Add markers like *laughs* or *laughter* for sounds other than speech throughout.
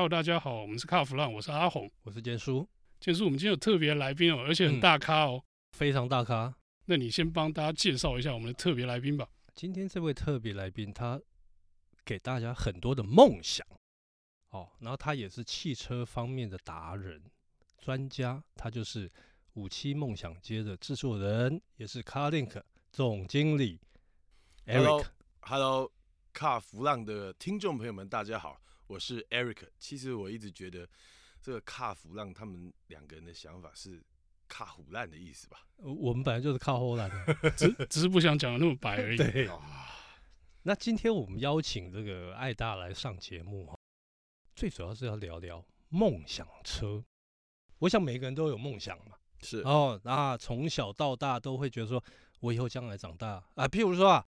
Hello，大家好，我們是卡弗浪，我是阿紅，我是堅叔。堅叔，我們今天有特別來賓哦，而且很大咖哦，嗯、非常大咖。那你先幫大家介紹一下我們的特別來賓吧。今天這位特別來賓，他給大家很多的夢想。哦，然後他也是汽車方面的達人專家，他就是五七夢想街的制作人，也是 Carlink 總經理、Eric。Hello，卡弗浪的聽眾朋友們，大家好。我是 Eric，其實我一直覺得這個“卡弗浪”他們兩個人的想法是“卡胡浪”的意思吧？我們本來就是卡虎浪，只 *laughs* 只是不想講得那麼白而已對。哦、那今天我們邀請這個艾達來上節目，最主要是要聊聊夢想車。我想每個人都有夢想嘛，是哦。那從小到大都會覺得說，我以後將來長大啊、呃，譬如說啊，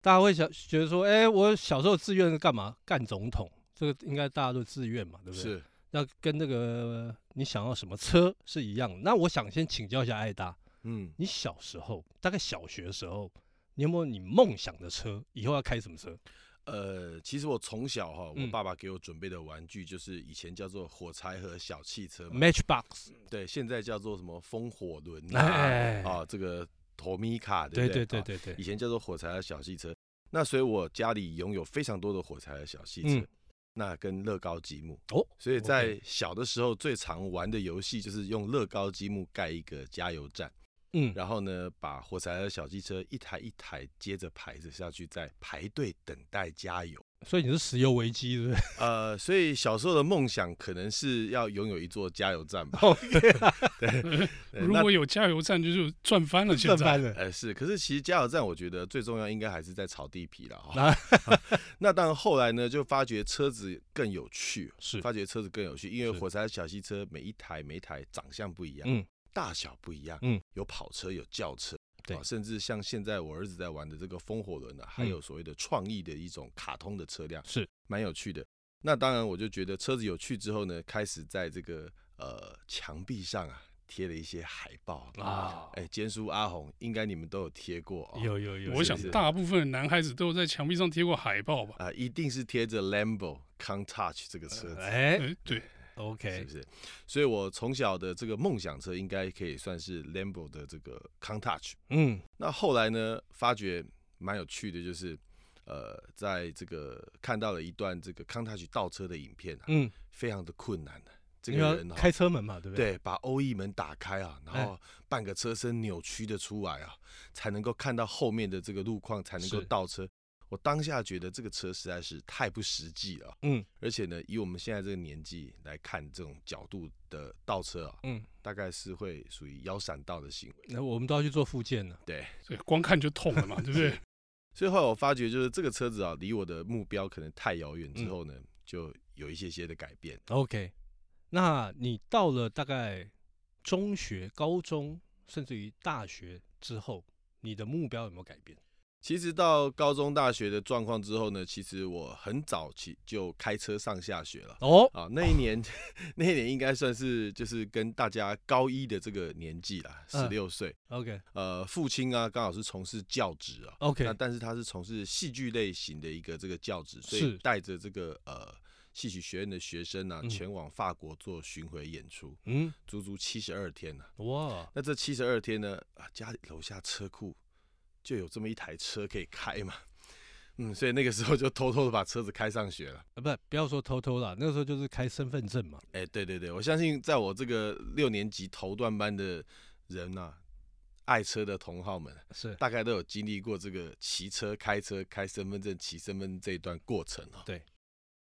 大家會想覺得說，哎、欸，我小時候志願是幹嘛？幹總統。這個應該大家都自願嘛，對不對？是，那跟那個你想要什麼車是一樣。那我想先請教一下艾達，嗯，你小時候大概小學的時候，你有沒有你夢想的車？以後要開什麼車？呃，其實我從小哈，我爸爸給我準備的玩具就是以前叫做火柴盒小汽車，Matchbox、嗯、對，現在叫做什麼風火輪啊，唉啊，啊，這個 Tomica 對對，對對對對對、啊，以前叫做火柴盒小汽車。那所以我家裡擁有非常多的火柴盒小汽車。嗯那跟樂高積木哦，oh, okay. 所以在小的時候最常玩的遊戲就是用樂高積木蓋一個加油站，嗯，然後呢，把火柴盒小汽車一台一台接着排着下去，在排隊等待加油。所以你是石油危機，對不對？呃，所以小時候的夢想可能是要擁有一座加油站吧。對。如果有加油站就賺，油站就是賺翻了，賺翻了。哎、呃，是，可是其實加油站，我覺得最重要應該還是在炒地皮了。啊、 *laughs* 那當然，後來呢，就發覺車子更有趣，是發覺車子更有趣，因為火柴小汽車每一台、每一台長相不一樣，嗯是，大小不一樣，嗯，有跑車，有轎車。對哦、甚至像現在我兒子在玩的這個風火輪啊，嗯、還有所謂的創意的一種卡通的車輛，是蠻有趣的。那當然，我就覺得車子有趣之後呢，開始在這個呃牆壁上啊貼了一些海報啊。誒監叔阿紅，應該你們都有貼過、哦、有有有。是是，我想大部分的男孩子都在牆壁上貼過海報吧？啊、呃，一定是貼着 Lamborghini Countach 這個車子。哎、呃，欸、對。OK，是不是？所以我從小的這個夢想車應該可以算是 Lambo 的這個 Countach。嗯，那後來呢，發覺蠻有趣的，就是，呃，在這個看到了一段這個 Countach 倒車的影片啊，嗯，非常的困難的。這個人、喔、開車門嘛，對不對？對，把鷗翼門打開啊，然後半個車身扭曲的出來啊，欸、才能夠看到後面的這個路況，才能夠倒車。我當下覺得這個車實在是太不實際了，嗯，而且呢，以我們現在這個年紀來看，這種角度的倒車啊，嗯，大概是會屬於腰閃到的行為。那我們都要去做復健了。對，所以光看就痛了嘛，對不對？所以後來我發覺，就是這個車子啊，離我的目標可能太遙遠之後呢，嗯，就有一些些的改變。OK，那你到了大概中學、高中，甚至於大學之後，你的目標有沒有改變？其實到高中大學的狀況之後呢，其實我很早起就開車上下學了。哦、oh, 啊，那一年，oh. *laughs* 那一年應該算是就是跟大家高一的這個年紀啦，十六歲。Uh, OK，呃，父親啊，剛好是從事教職啊。OK，那、啊、但是他是從事戲劇類型的一個這個教職，所以帶着這個呃戲曲學院的學生呢、啊，是前往法國做巡回演出。嗯，足足七十二天呢。哇，那這七十二天呢，啊，家裡樓下車庫。就有這麼一台車可以開嘛，嗯，所以那個時候就偷偷的把車子開上學了啊，不，不要說偷偷了，那時候就是開身份證嘛。哎，對對對，我相信在我這個六年級頭段班的人吶、啊，愛車的同好們是大概都有經歷過這個騎車、開車、開身份證、騎身份證這一段過程對、喔，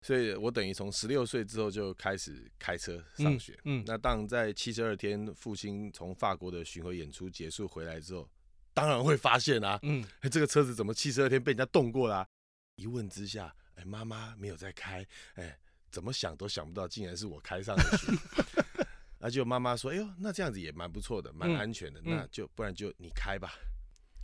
所以我等於從十六歲之後就開始開車上學。嗯，那當然在七十二天，父親從法國的巡回演出結束回來之後。當然會發現啦、啊，嗯，這個車子怎麼七十二天被人家動過啦、啊？一問之下，哎，媽媽沒有在開，哎，怎麼想都想不到，竟然是我開上去。 *laughs* *laughs* 那就媽媽說，哎呦，那這樣子也蠻不錯的，蠻安全的，嗯、那就、嗯、不然就你開吧。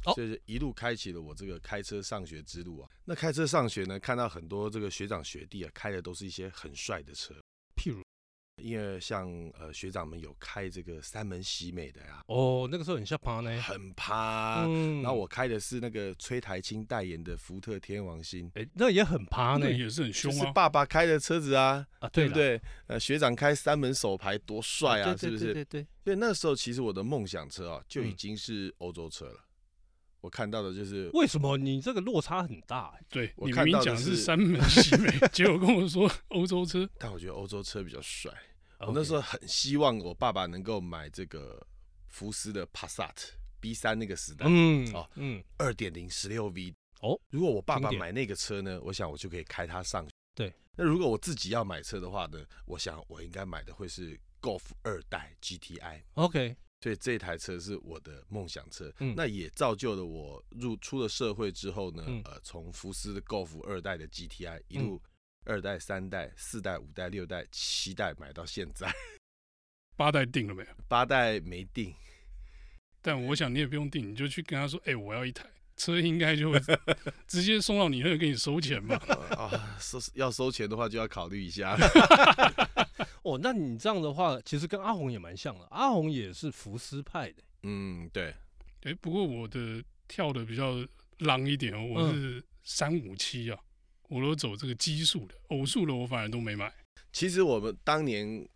嗯、就是一路開啟了我這個開車上學之路啊。那開車上學呢，看到很多這個學長學弟啊，開的都是一些很帥的車，譬如。因為像呃學長們有開這個三門喜美的呀、啊，哦，那個時候很像趴呢，很趴、啊。嗯、然後我開的是那個崔苔菁代言的福特天王星，哎、欸，那也很趴呢，對也是很兇啊。是爸爸開的車子啊，啊，對對。呃，學長開三門手排多帥啊，啊，對對對對，是不是？對對對。所以那時候其實我的夢想車啊就已經是歐洲車了。嗯我看到的就是為什麼你這個落差很大？對，你明明講是三門喜美，結果跟我說歐洲車，但我覺得歐洲車比較帥。我那時候很希望我爸爸能夠買這個福斯的帕薩特 B 三那個時代，嗯哦，嗯，二點零十六 V 哦。如果我爸爸買那個車呢，我想我就可以開它上去。對，那如果我自己要買車的話呢，我想我應該買的會是 Golf 二代 GTI。OK。所以這台車是我的夢想車，嗯、那也造就了我入出了社會之後呢，嗯、呃，從福斯的 Golf 二代的 GTI，嗯、一路二代、三代、四代、五代、六代、七代買到現在，八代定了沒有？八代沒定，但我想你也不用定，你就去跟他說，哎、欸，我要一台車，應該就會直接送到你那兒給你收錢嘛。 *laughs* 呃、啊，收要收錢的話就要考慮一下。 *laughs* 哦，那你這樣的話，其實跟阿紅也蠻像的。阿紅也是福斯派的、欸。嗯，對。誒、欸，不過我的跳的比較浪一點哦，我是三五七啊，嗯、我都走這個奇數的，偶數的我反而都沒買。其實我們當年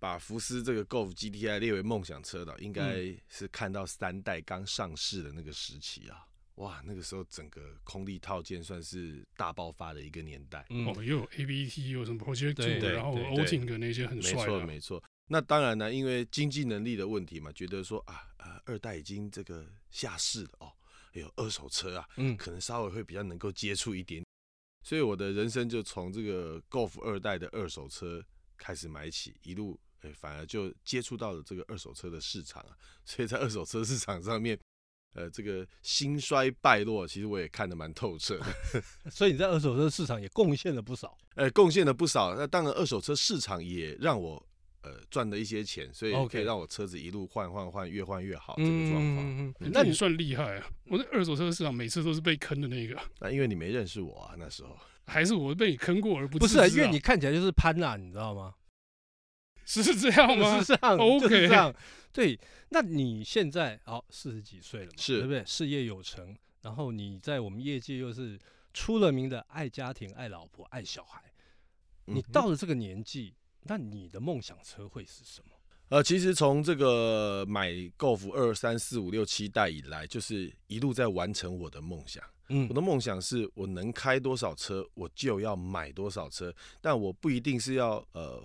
把福斯這個 Golf GTI 列為夢想車的，應該是看到三代剛上市的那個時期啊。哇，那個時候整個空力套件算是大爆發的一個年代。嗯、哦，又有 A B T，又有什麼後驅對。然後歐錦的那些很帥、啊。沒錯沒錯。那當然呢，因為經濟能力的問題嘛，覺得說啊、呃，二代已經這個下市了哦，有、哎、二手車啊，嗯、可能稍微會比較能夠接觸一點點。所以我的人生就從這個 GOLF 二代的二手車開始買起，一路哎、欸，反而就接觸到了這個二手車的市場啊。所以在二手車市場上面。.呃，這個興衰敗落，其實我也看得蠻透徹的， *laughs* 所以你在二手車市場也貢獻了不少。呃，貢獻了不少。那當然，二手車市場也讓我呃賺了一些錢，所以可以讓我車子一路換換換，換，越換越好、嗯、這個狀況。嗯、那你算厲害啊！我在二手車市場每次都是被坑的那個。那、啊、因為你沒認識我啊，那時候還是我被你坑過而不知、啊、不是啊，因為你看起來就是潘娜、啊，你知道嗎？是這樣嗎？是這樣，Okay，就是這樣。對，那你現在哦，四十幾歲了嘛，是，對不對，事業有成，然後你在我們業界又是出了名的愛家庭、愛老婆、愛小孩。你到了這個年紀，嗯，那你的夢想車會是什麼？呃，其實從這個買 Golf 二三四五六七代以來，就是一路在完成我的夢想。嗯，我的夢想是我能開多少車，我就要買多少車，但我不一定是要呃。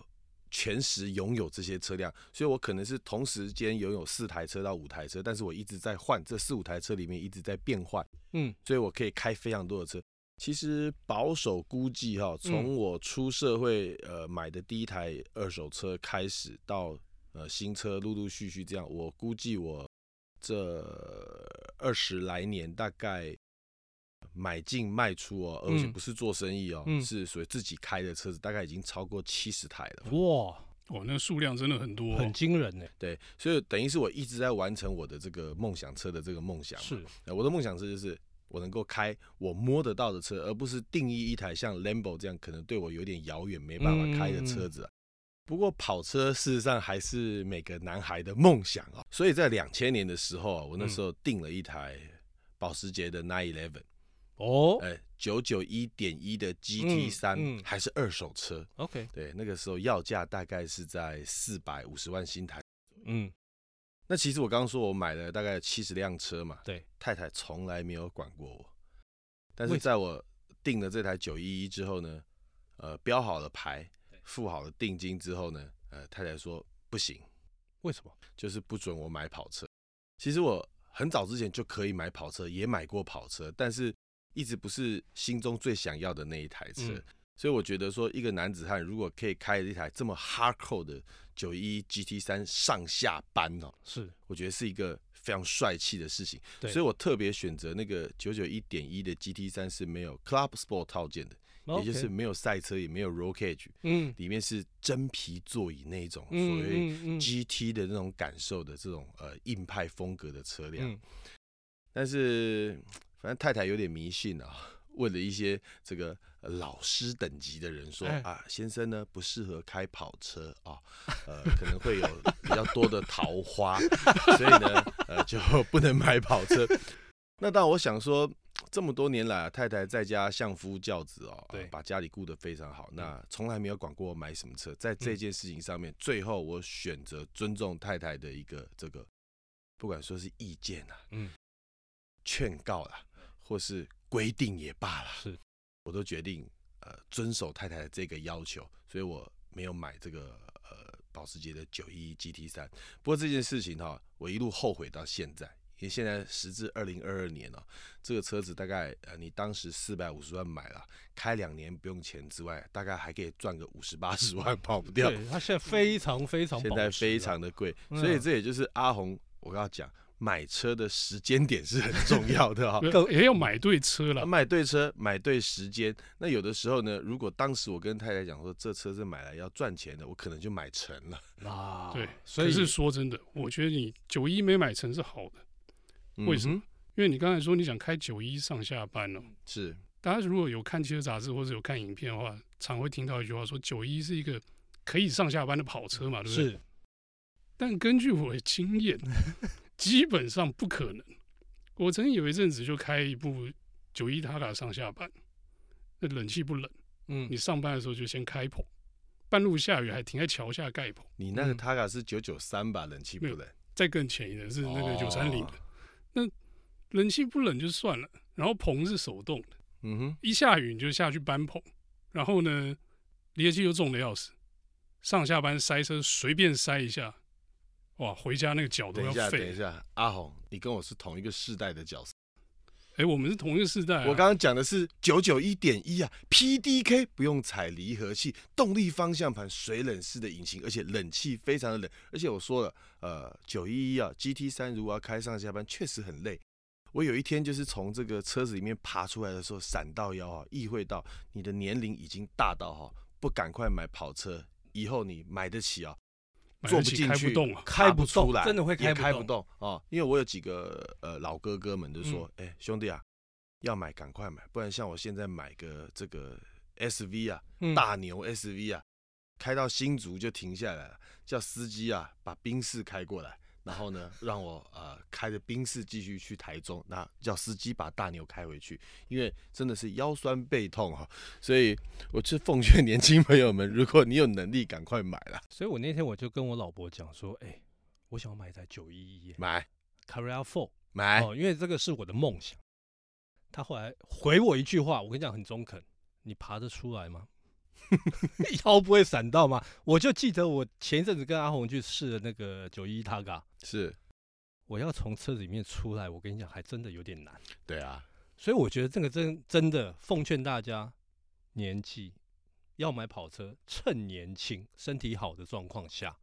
全時擁有這些車輛，所以我可能是同時間擁有四台車到五台車，但是我一直在換，這四五台車裡面一直在變換，嗯，所以我可以開非常多的車。其實保守估計哈，從我出社會呃買的第一台二手車開始到呃新車陸陸續續這樣，我估計我這二十來年大概。買進賣出哦，而且不是做生意哦，嗯、是屬於自己開的車子，嗯、大概已經超過七十台了哇。哇，哦，那數量真的很多，哦，很驚人呢。對，所以等於是我一直在完成我的這個夢想車的這個夢想。是，啊，我的夢想車就是我能夠開我摸得到的車，而不是定義一台像 Lambo 這樣可能對我有點遙遠，沒辦法開的車子。嗯、不過跑車事實上還是每個男孩的夢想啊，哦。所以在兩千年的時候，啊，我那時候訂了一台保時捷的911。11, 嗯哦，哎、oh? 欸，九九一點一的 GT3、嗯嗯、還是二手車。OK，對，那個時候要價大概是在四百五十萬新台。嗯，那其實我剛說我買了大概七十輛車嘛。對，太太從來沒有管過我，但是在我訂了這臺九一一之後呢，呃，標好了牌，付好了定金之後呢，呃，太太說不行，為什麼？就是不准我買跑車。其實我很早之前就可以買跑車，也買過跑車，但是。一直不是心中最想要的那一台車，嗯，所以我覺得說，一個男子漢如果可以開一台這麼 hardcore 的九一 GT 三上下班哦，喔，是，我覺得是一個非常帥氣的事情。了所以我特別選擇那個九九一點一的 GT 三是沒有 Club Sport 套件的。Okay 也就是沒有賽車，也沒有 roll cage，嗯，裡面是真皮座椅那一種，嗯嗯嗯，所謂 GT 的那種感受的這種呃硬派風格的車輛，嗯，但是。但太太有點迷信啊、哦，問了一些這個老師等級的人說、欸、啊，先生呢不適合開跑車啊、哦呃，可能會有比較多的桃花， *laughs* 所以呢、呃，就不能買跑車。 *laughs* 那到我想說，這麼多年來、啊，太太在家相夫教子哦，啊、對，把家裡顧得非常好，那從來沒有管過我買什麼車，在這件事情上面，嗯、最後我選擇尊重太太的一個這個，不管說是意見啊，勸、嗯、告啦。或是規定也罷了，是，我都決定，呃，遵守太太的這個要求，所以我沒有買這個呃保時捷的九一一 GT 三。不過這件事情哈，我一路後悔到現在，因為現在時至二零二二年了喔，這個車子大概呃你當時四百五十萬買了，開兩年不用錢之外，大概還可以賺個五十八十萬跑不掉。它現在非常非常，現在非常的貴，所以這也就是阿紅，我跟他講。買車的時間點是很重要的哈，也要買對車了。買對車，買對時間。那有的時候呢，如果當時我跟太太講說這車是買來要賺錢的，我可能就買成了。啊，對，所以是說真的，我覺得你九一沒買成是好的。為什麼？因為你剛才說你想開九一上下班哦。是。大家如果有看汽車雜誌或者有看影片的話，常會聽到一句話說九一是一個可以上下班的跑車嘛，對不對？是。但根據我的經驗。 *laughs* 基本上不可能。我曾經有一陣子就開一部九一塔卡上下班，那冷氣不冷。嗯，你上班的時候就先開棚，半路下雨還停在橋下蓋棚。你那個塔卡是九九三吧？嗯、冷氣不冷沒有。再更前一點是那個九三零的，哦、那冷氣不冷就算了。然後棚是手動的，嗯哼，一下雨你就下去搬棚，然後呢，離合器又重的要死。上下班塞車，隨便塞一下。哇，回家那個腳都要廢。等一下，等一下，阿紅，你跟我是同一個世代的角色。哎、欸，我們是同一個世代、啊。我剛剛講的是九九一點一啊，PDK 不用踩離合器，動力方向盤，水冷式的引擎，而且冷氣非常的冷。而且我說了，呃，九一一啊，GT 三如果要開上下班，確實很累。我有一天就是從這個車子裡面爬出來的時候，閃到腰啊，意會到你的年齡已經大到哈、啊，不趕快買跑車，以後你買得起啊。坐不進去，開不，啊、開不動，開不出來，真的會開不也開不動啊、哦！因為我有幾個呃老哥哥們就說，哎、嗯欸，兄弟啊，要買趕快買，不然像我現在買個這個 S V 啊，嗯、大牛 S V 啊，開到新竹就停下來了，叫司機啊把賓士開過來。然後呢，讓我呃開着賓士繼續去台中，那叫司機把大牛開回去，因為真的是腰酸背痛哈、啊，所以我是奉勸年輕朋友們，如果你有能力，趕快買啦。所以我那天我就跟我老婆講說，哎、欸，我想買一台九一一，買 Carrera Four，買，Career 4，買哦，因為這個是我的夢想。他後來回我一句話，我跟你講很中肯，你爬得出來嗎？ *laughs* 腰不會閃到嗎？我就記得我前一陣子跟阿紅去試的那個九一一 Targa 是，我要從車子裡面出來，我跟你講，還真的有點難。對啊，所以我覺得這個真真的奉勸大家，年紀要買跑車，趁年輕、身體好的狀況下。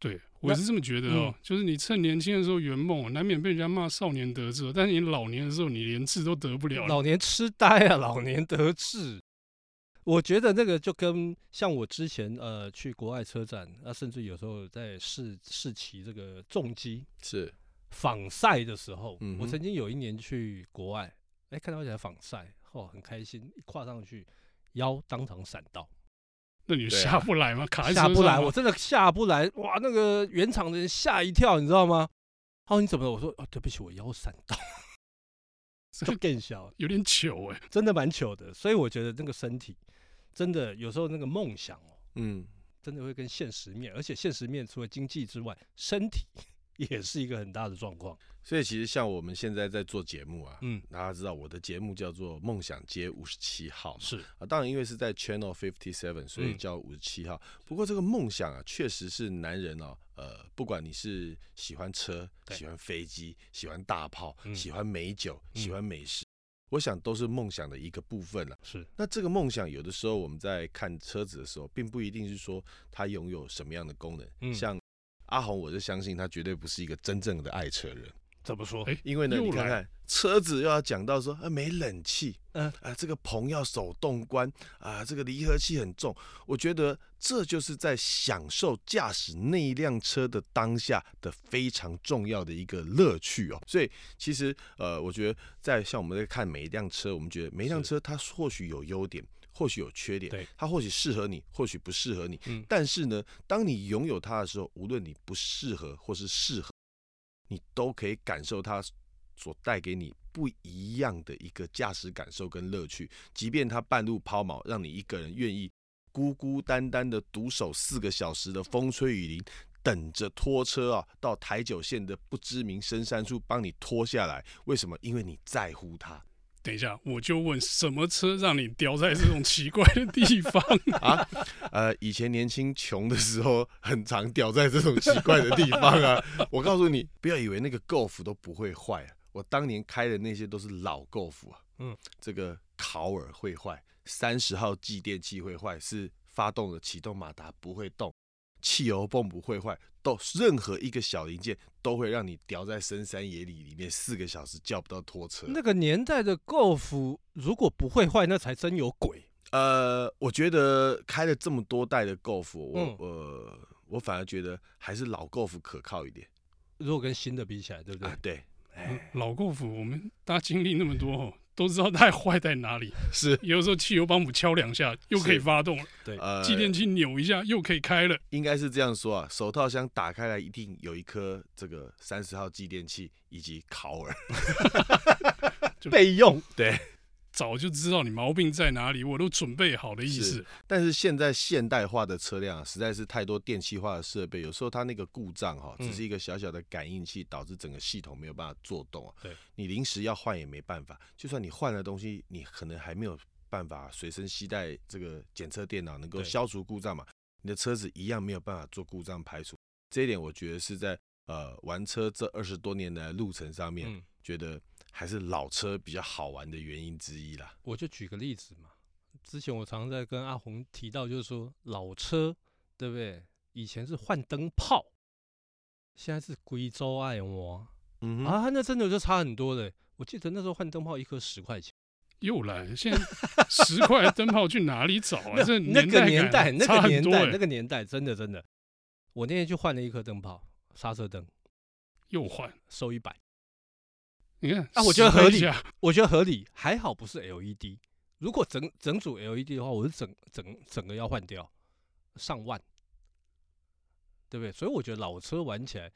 對，我是這麼覺得哦，那就是你趁年輕的時候圓夢，嗯、難免被人家罵少年得志，但是你老年的時候，你連志都得不了了，老年痴呆啊，老年得志。我覺得那個就跟像我之前呃去國外車展啊，甚至有時候在試試騎這個重機是仿賽的時候，我曾經有一年去國外，哎，看到一台仿賽，哦，很開心，一跨上去，腰當場閃到。那你下不來嗎？卡一下，下不來，我真的下不來，哇，那個原廠的人嚇一跳，你知道嗎？哦，你怎麼了？我說，啊，對不起，我腰閃到。就更小，有點糗哎， *laughs* 真的蠻糗的。所以我覺得那個身體，真的有時候那個夢想哦、喔，嗯，真的會跟現實面，而且現實面除了經濟之外，身體。 *laughs* 也是一個很大的狀況，所以其實像我們現在在做節目啊，嗯，大家知道我的節目叫做《夢想街五十七號》嘛，是啊，當然因為是在 Channel Fifty Seven，所以叫五十七號。嗯、不過這個夢想啊，確實是男人哦，呃，不管你是喜歡車、對喜歡飛機、喜歡大炮、嗯、喜歡美酒、喜歡美食，嗯、我想都是夢想的一個部分了、啊。是那這個夢想，有的時候我們在看車子的時候，並不一定是說它擁有什麼樣的功能，嗯、像。阿紅，我就相信他絕對不是一個真正的愛車人。怎麼說？因為呢，你看看車子又要講到說啊，沒冷氣，嗯，啊，這個棚要手動關，啊，這個離合器很重。我覺得這就是在享受駕駛那一輛車的當下的非常重要的一個樂趣哦、喔。所以其實呃，我覺得在像我們在看每一輛車，我們覺得每一輛車它或許有優點。或許有缺點，對它或許適合你，或許不適合你。嗯。但是呢，當你擁有它的時候，無論你不適合或是適合你，你都可以感受它所帶給你不一樣的一個駕駛感受跟樂趣。即便它半路拋錨，讓你一個人願意孤孤單單的獨守四個小時的風吹雨淋，等着拖車啊，到台九線的不知名深山處幫你拖下來。為什麼？因為你在乎它。等一下，我就問，什麼車讓你叼，在這種奇怪的地方啊？呃，以前年輕窮的時候，很常叼在這種奇怪的地方啊。我告訴你，不要以為那個高爾夫都不會壞，啊，我當年開的那些都是老高爾夫啊。嗯，這個烤耳會壞，三十號繼電器會壞，是發動的啟動馬達不會動，汽油泵不會壞。到任何一個小零件都會讓你掉在深山野嶺，裡面四個小時叫不到拖車。那個年代的高爾夫如果不會壞，那才真有鬼。呃，我覺得開了這麼多代的高爾夫我我、嗯呃、我反而覺得還是老高爾夫可靠一點。如果跟新的比起來，對不對？啊、對，老高爾夫我們大家經歷那麼多、哦。 *laughs* 都知道太壞在哪裡，是有的時候汽油幫我們敲兩下又可以發動了，對，呃、繼電器扭一下又可以開了，應該是這樣說啊，手套箱打開來一定有一顆這個三十號繼電器以及考爾 *laughs* *laughs* 就 備用，對。早就知道你毛病在哪裡，我都準備好的意思。是，但是現在現代化的車輛、啊、實在是太多電氣化的設備，有時候它那個故障、啊、只是一個小小的感應器，嗯、導致整個系統沒有辦法作動啊。對，你臨時要換也沒辦法。就算你換了東西，你可能還沒有辦法隨身攜帶這個檢測電腦，能夠消除故障嘛？對你的車子一樣沒有辦法做故障排除。這一點我覺得是在呃玩車這二十多年的路程上面，嗯、覺得。還是老車比較好玩的原因之一啦。我就舉個例子嘛，之前我常常在跟阿紅提到，就是說老車，對不對？以前是換燈泡，現在是貴州愛我、嗯、哼啊，那真的就差很多了。我記得那時候換燈泡一顆十塊錢，又來，現在十塊燈泡去哪裡找啊？ *laughs* 那這那個年代，那個年代，那個年代，真的真的。我那天就換了一顆燈泡，剎車燈，又換，收一百。你看啊，我覺得合理，我覺得合理，還好不是 LED。如果整整組 LED 的話，我是整整整個要換掉，上萬，對不對？所以我覺得老車玩起來，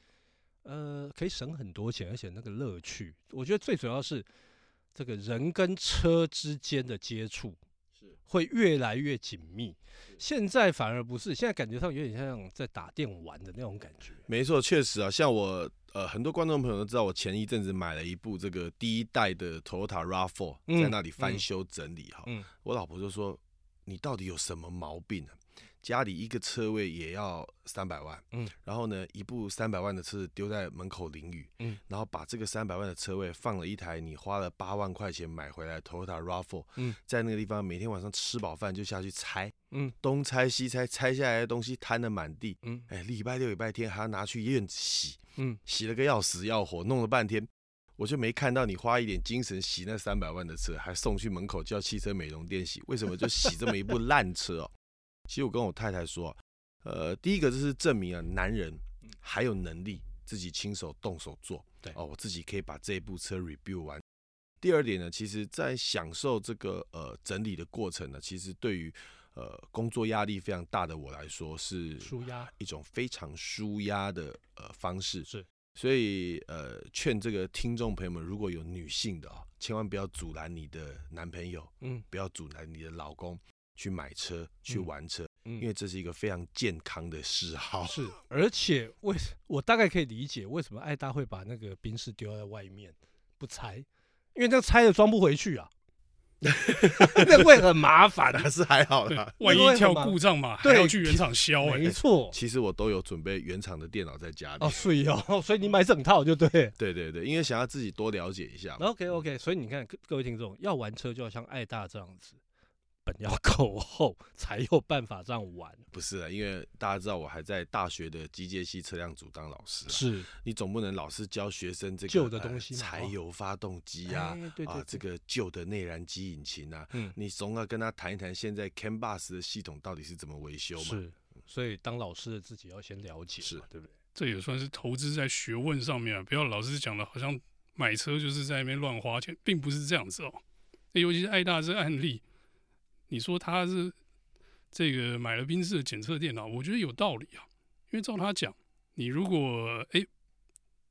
呃，可以省很多錢，而且那個樂趣，我覺得最主要是這個人跟車之間的接觸。會越來越緊密，現在反而不是，現在感覺上有點像在打電玩的那種感覺。沒錯，確實啊，像我呃，很多觀眾朋友都知道，我前一陣子買了一部這個第一代的 Toyota RAV4，在那裡翻修整理哈。我老婆就說：“你到底有什麼毛病啊？”家裡一個車位也要三百萬，嗯，然後呢，一部三百萬的車子丟在門口淋雨，嗯，然後把這個三百萬的車位放了一台你花了八萬塊錢買回來，Toyota Raffle，嗯，在那個地方每天晚上吃飽飯就下去拆，嗯，東拆西拆，拆下來的東西攤得滿地，嗯、哎，禮拜六禮拜天還要拿去院子洗，嗯，洗了個要死要活，弄了半天我就沒看到你花一點精神洗那三百萬的車，還送去門口叫汽車美容店洗，為什麼就洗這麼一部爛車哦？ *laughs* 其實我跟我太太說，呃，第一個就是證明啊，男人還有能力自己親手動手做，對哦，我自己可以把這一部車 review 完。第二點呢，其實，在享受這個呃整理的過程呢，其實對於呃工作壓力非常大的我來說，是舒壓一種非常舒壓的呃方式。是，所以呃，勸這個聽眾朋友們，如果有女性的啊，千萬不要阻攔你的男朋友，嗯，不要阻攔你的老公。去買車，去玩車，嗯嗯、因為這是一個非常健康的嗜好。是，而且為我，我大概可以理解為什麼愛大會把那個賓士丟在外面不拆，因為這拆了裝不回去啊， *laughs* *laughs* 那會很麻煩、啊。對是還好萬一跳故障嘛，對還要去原廠銷、欸。沒錯、欸，其實我都有準備原廠的電腦在家裡。哦，所以哦，所以你買整套就對。 *laughs* 對對對，因為想要自己多了解一下嘛。OK OK，所以你看各位聽眾要玩車就要像愛大這樣子。要口後才有辦法這樣玩。不是啊，因為大家知道我還在大學的機械系車輛組當老師、啊。是，你總不能老是教學生這個舊的東西嘛？柴油發動機啊，欸、對對對對啊這個舊的內燃機引擎啊，嗯、你總要跟他談一談現在 CANBUS 的系統到底是怎麼維修嘛？是，所以當老師的自己要先了解，是，對不對？這也算是投資在學問上面啊！不要老是講了，好像買車就是在那邊亂花錢，並不是這樣子哦。那、欸、尤其是愛大這案例。你說他是這個買了賓士的檢測電腦，我覺得有道理啊，因為照他講，你如果哎、欸、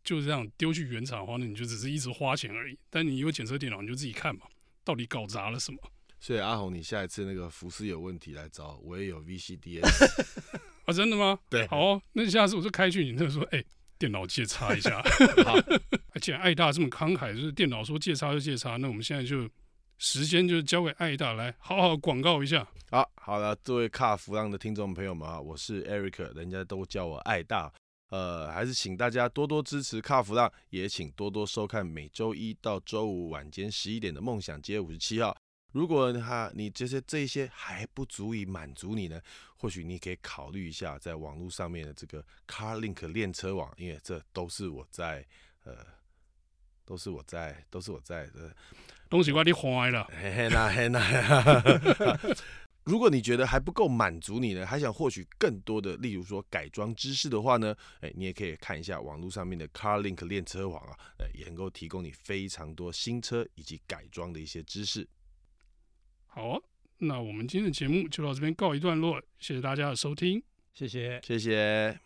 就這樣丟去原廠的話，那你就只是一直花錢而已。但你有檢測電腦，你就自己看嘛，到底搞砸了什麼。所以阿紅，你下一次那個服飾有問題來找我，也有 VCDS *laughs* 啊，真的嗎？對，好、哦，那下次我就開去你，你那就說哎、欸、電腦借插一下，哈 *laughs* 哈好。既然愛大這麼慷慨，就是電腦說借插就借插，那我們現在就。時間就交給艾大來好好廣告一下。好，好了，各位卡弗朗的聽眾朋友們，我是 Eric，人家都叫我艾大。呃，還是請大家多多支持卡弗朗，也請多多收看每週一到週五晚間十一點的《夢想街五十七號》。如果哈你這些這些還不足以滿足你呢，或許你可以考慮一下在網絡上面的這個 CARLINK 鏈車網，因為這都是我在呃，都是我在，都是我在的。東西我你了。 *laughs* *laughs* 如果你覺得還不夠滿足你呢，還想獲取更多的，例如說改裝知識的話呢，誒你也可以看一下網絡上面的 Car Link 鏈車網啊誒，也能夠提供你非常多新車以及改裝的一些知識。好啊，那我們今天的節目就到這邊告一段落，謝謝大家的收聽，謝謝，謝謝。